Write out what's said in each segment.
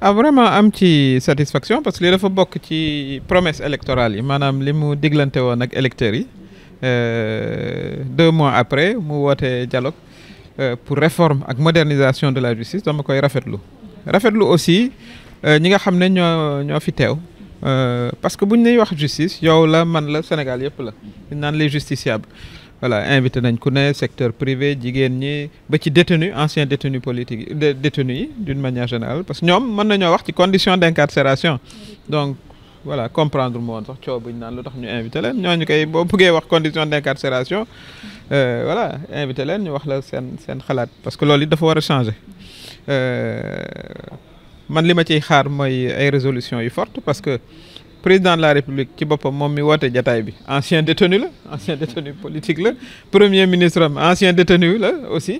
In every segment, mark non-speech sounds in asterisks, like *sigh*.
ah am ci satisfaction parce que lii dafa bokk ci promesse électorale yi maanaam li mu diglante woon ak électeurs yi euh, deux mois après mu woote dialogue euh, pour réforme ak modernisation de la justice dama koy rafetlu rafetlu aussi euh, ñi nga xam ne ñoo ñoo fi teew parce que bu ñu lay wax justice yow la man la Sénégal yëpp la ñu naan les justiciables voilà invité nañ ku ne secteur privé jigéen ñi ba ci détenu ancien détenu politique yi détenu yi d'une manière générale parce que ñoom mën nañoo wax ci condition d'incarcération donc voilà comprendre mu woon sax coow bu ñu naan lu tax ñu invité leen ñooñu koy boo buggee wax condition d'incarcération euh, voilà invité leen ñu wax la seen seen xalaat parce que loolu it dafa war a changer euh, man li ma ciy xaar mooy ay résolution yu forte parce que président de la république ci boppam moom mi woote jataay bi ancien détenu la ancien détenu politique la premier ministre am ancien détenu la aussi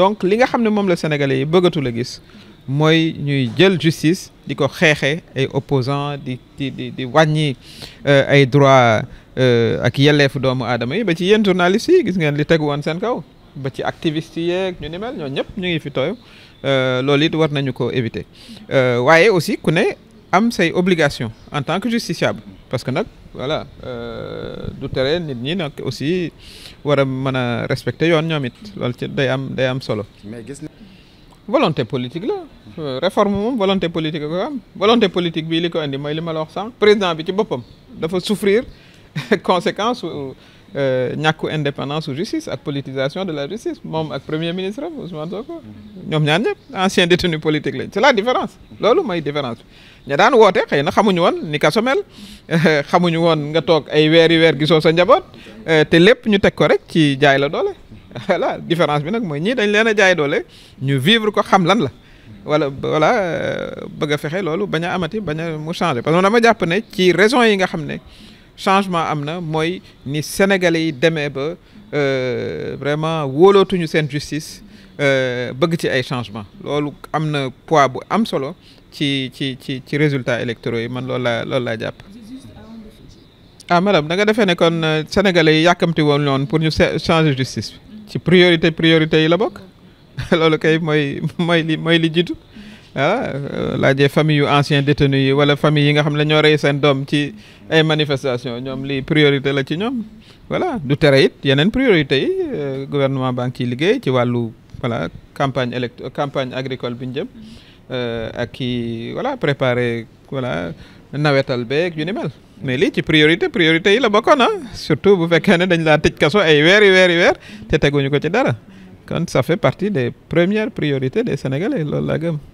donc li nga xam ne moom la sénégalais yi bëggatu la gis mooy ñuy jël justice di ko xeexee ay opposants di di di wàññi euh, ay droit euh, ak yelleefu doomu adama yi ba ci yéen journalistes yi gis ngeen li tegu woon seen kaw ba ci activistes yi ñu ni mel ñoo ñëpp ñu ngi fi tooy euh, loolu it war nañu ko éviter waaye aussi ku ne am say obligation en tant que justiciable parce que nag voilà euh, du tere nit ñi nag aussi war a mën a respecter yoon ñoom it loolu ci day am day am solo. mais gis na volonté politique la réforme moom volonté politique ko am volonté politique bi li ko indi mooy li ma la wax sànq président bi ci boppam dafa souffrir *laughs* conséquence Euh, ñàkku indépendance su justice ak politisation de la justice moom ak premier ministre am Ousmane Sonko ñoom ñaar ñëpp ancien détenu politique lañ c'est la différence loolu mooy différence bi ña daan woote xay na xamuñu woon ni kaso mel *laughs* xamuñu woon nga toog ay weeri weer gisoo sa njaboot euh, te lépp ñu teg ko rek ci jaay la doole *laughs* voilà différence bi nag mooy ñii dañ leen a jaay doole ñu vivre ko xam lan la wala voilà euh, bëgg fexe loolu bañ amati bañ a mu changer parce que dama jàpp ne ci raison yi nga xam ne changement am na mooy ni sénégalais yi demee ba euh, vraiment wóolootuñu seen justice euh, bëgg ci ay changement loolu am na poids bu am solo ci ci ci ci résultat électoraux yi man lool laa loolu laa jàpp ah madame da nga defee ne kon euh, sénégalais yàkkamti woon noonu pour ñu changer justice bi ci priorité priorité yi la bokk *laughs* loolu kay mooy mooy li mooy li jiitu ah euh, laajee famille yu ancien détenu yi wala famille yi nga xam ne ñoo rey seen doom ci ay manifestation ñoom lii priorité la ci ñoom voilà du tere it yeneen priorité yi euh, gouvernement baa ngi ciy liggéey ci wàllu voilà campagne élect campagne agricole bi ñu jëm euh, ak kii voilà préparer voilà nawetal beeg yu ni mel mais lii ci priorité priorité yi la bokkoon ah surtout bu fekkee ne dañ laa tëj kaso ay weeri yi weer te teguñu ko ci dara kon sa fait partie des premières priorités des sénégalais loolu laa gëm.